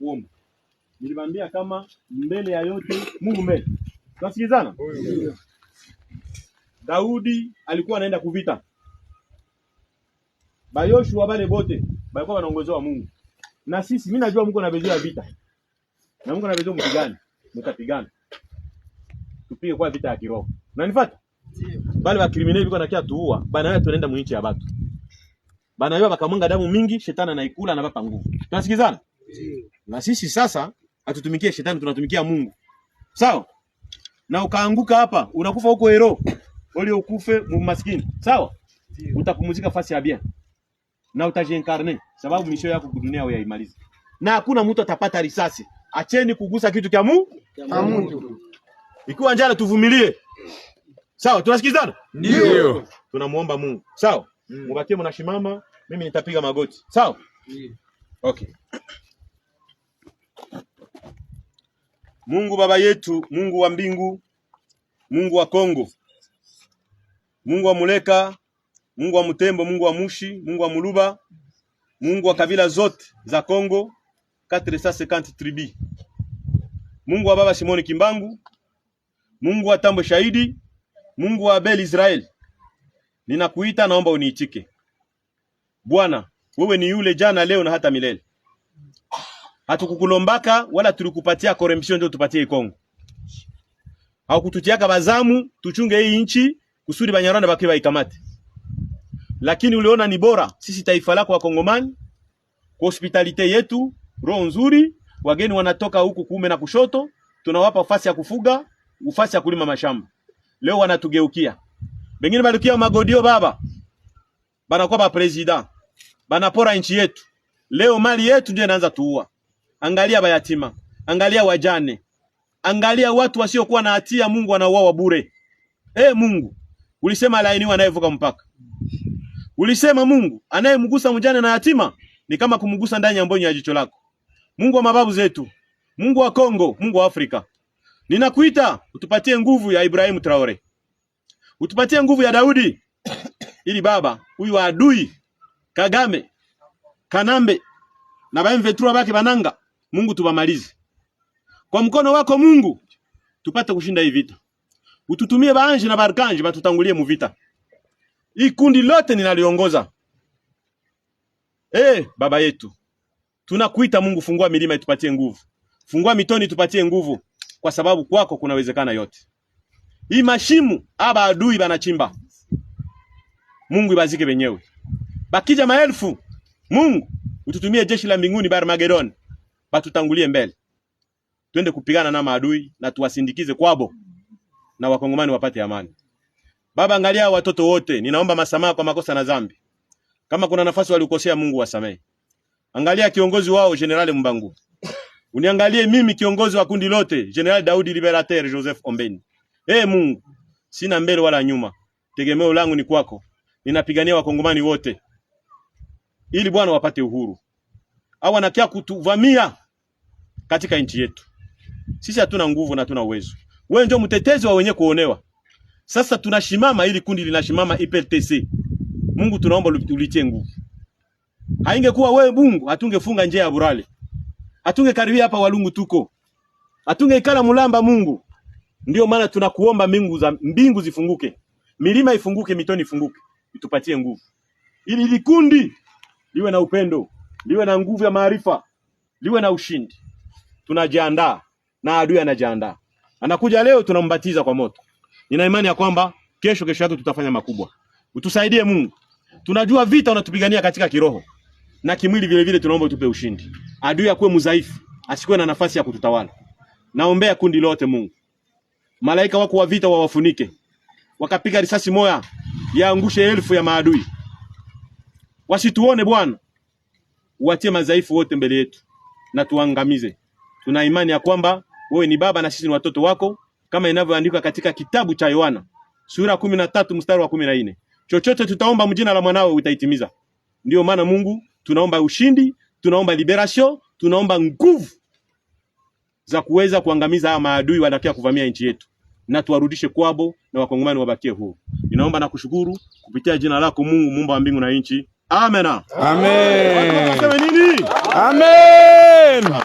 kuomba. Nilimwambia kama mbele ya yote Mungu mbele. Tunasikizana? Daudi alikuwa anaenda kuvita. Ba Bayoshua bale bote balikuwa na Mungu. Na sisi mimi najua Mungu anabezea vita. Na Mungu anabezea mpigane, mtapigana. Tupige kwa vita ya kiroho. Unanifuata? Ndio. Bale bakriminali biko nakia tuua, bana wewe tunaenda mwinchi ya watu. Bana wewe bakamwanga damu mingi, shetani anaikula na bapa nguvu. Tunasikizana? Ndio. Na sisi sasa hatutumikie shetani, tunatumikia Mungu. Sawa? Na ukaanguka hapa, unakufa huko hero. Ole ukufe maskini. Sawa? Utapumzika fasi ya bia. Na utajiincarne sababu misho yako kudunia wewe yaimalize. Na hakuna mtu atapata risasi. Acheni kugusa kitu kya Mungu. Kya Mungu. Ikiwa njala tuvumilie. Sawa, tunasikizana? Ndio. Tunamuomba Mungu. Sawa? Mm. Mubakie mnashimama, mimi nitapiga magoti. Sawa? Ndio. Okay. Mungu Baba yetu, Mungu wa mbingu, Mungu wa Kongo, Mungu wa Muleka, Mungu wa Mutembo, Mungu wa Mushi, Mungu wa Muluba, Mungu wa kabila zote za Kongo 450 tribi, Mungu wa baba Simoni Kimbangu, Mungu wa Tambo Shahidi, Mungu wa Abel israel ninakuita, naomba uniitike. Bwana, wewe ni yule jana, leo na hata milele hatukukulombaka wala tulikupatia corruption ndio tupatie Kongo. Haukututiaka bazamu tuchunge hii nchi kusudi Banyarwanda bakiwa ikamate. Lakini uliona ni bora sisi taifa lako Wakongomani kwa hospitalite yetu, roho nzuri, wageni wanatoka huku kuume na kushoto, tunawapa nafasi ya kufuga, ufasi ya kulima mashamba. Leo wanatugeukia. Bengine balukia magodio baba. Banakuwa ba president. Banapora nchi yetu. Leo mali yetu ndio inaanza tuua. Angalia bayatima, angalia wajane, angalia watu wasiokuwa na hatia. Mungu anauawa bure. E Mungu, ulisema alaaniwa anayevuka mpaka. Ulisema Mungu, anayemgusa mjane na yatima ni kama kumgusa ndani ya mbonyo ya jicho lako. Mungu wa mababu zetu, Mungu wa Kongo, Mungu wa Afrika, ninakuita utupatie nguvu ya Ibrahimu Traore, utupatie nguvu ya Daudi ili baba huyu wa adui Kagame Kanambe na bamvetura bake bananga Mungu tubamalize. Kwa mkono wako Mungu tupate kushinda hii vita. Ututumie baanje na barkanje batutangulie mu vita. Hii kundi lote ninaliongoza. Eh, baba yetu. Tunakuita Mungu, fungua milima itupatie nguvu. Fungua mitoni itupatie nguvu kwa sababu kwako kunawezekana yote. Hii mashimu aba adui banachimba. Mungu ibazike wenyewe. Bakija maelfu, Mungu ututumie jeshi la mbinguni Barmagedon batutangulie mbele, twende kupigana na maadui na tuwasindikize kwabo na wakongomani wapate amani. Baba, angalia watoto wote, ninaomba masamaha kwa makosa na dhambi. Kama kuna nafasi waliokosea, Mungu wasamehe. Angalia kiongozi wao General Mbangu, uniangalie mimi kiongozi wa kundi lote General Daudi Liberateur Joseph Ombeni. Eh, hey, Mungu, sina mbele wala nyuma, tegemeo langu ni kwako. Ninapigania wakongomani wote ili Bwana wapate uhuru. Hao wanakia kutuvamia katika nchi yetu. Sisi hatuna nguvu na hatuna uwezo. Wewe ndio mtetezi wa wenye kuonewa. Sasa tunashimama, ili kundi linashimama IPTC. Mungu tunaomba ulitie nguvu. Haingekuwa wewe Mungu, hatungefunga njia ya Burale. Hatungekaribia hapa Walungu tuko. Hatungeikala mulamba Mungu. Ndiyo maana tunakuomba mbingu za mbingu zifunguke. Milima ifunguke, mitoni ifunguke. Itupatie nguvu. Ili likundi liwe na upendo, liwe na nguvu ya maarifa, liwe na ushindi tunajiandaa na adui anajiandaa, anakuja leo tunambatiza kwa moto. Nina imani ya kwamba kesho kesho yake tutafanya makubwa. Utusaidie Mungu, tunajua vita unatupigania katika kiroho na kimwili vile vile, tunaomba utupe ushindi, adui akuwe mdhaifu, asikuwe na nafasi ya kututawala. Naombea kundi lote Mungu, malaika wako wa vita wawafunike, wakapiga risasi moya yaangushe elfu ya maadui, wasituone Bwana, uwatie madhaifu wote mbele yetu na tuangamize. Tuna imani ya kwamba wewe ni baba na sisi ni watoto wako, kama inavyoandikwa katika kitabu cha Yohana sura kumi na tatu mstari wa kumi na nne chochote tutaomba mjina la mwanao utaitimiza. Ndiyo maana Mungu, tunaomba ushindi, tunaomba liberation, tunaomba nguvu za kuweza kuangamiza haya maadui wanatakia kuvamia nchi yetu, na tuwarudishe kwabo na wakongomani wabakie huo. Ninaomba na kushukuru kupitia jina lako Mungu muumba wa mbingu na nchi. Amen, Amen. Amen. Amen. Amen.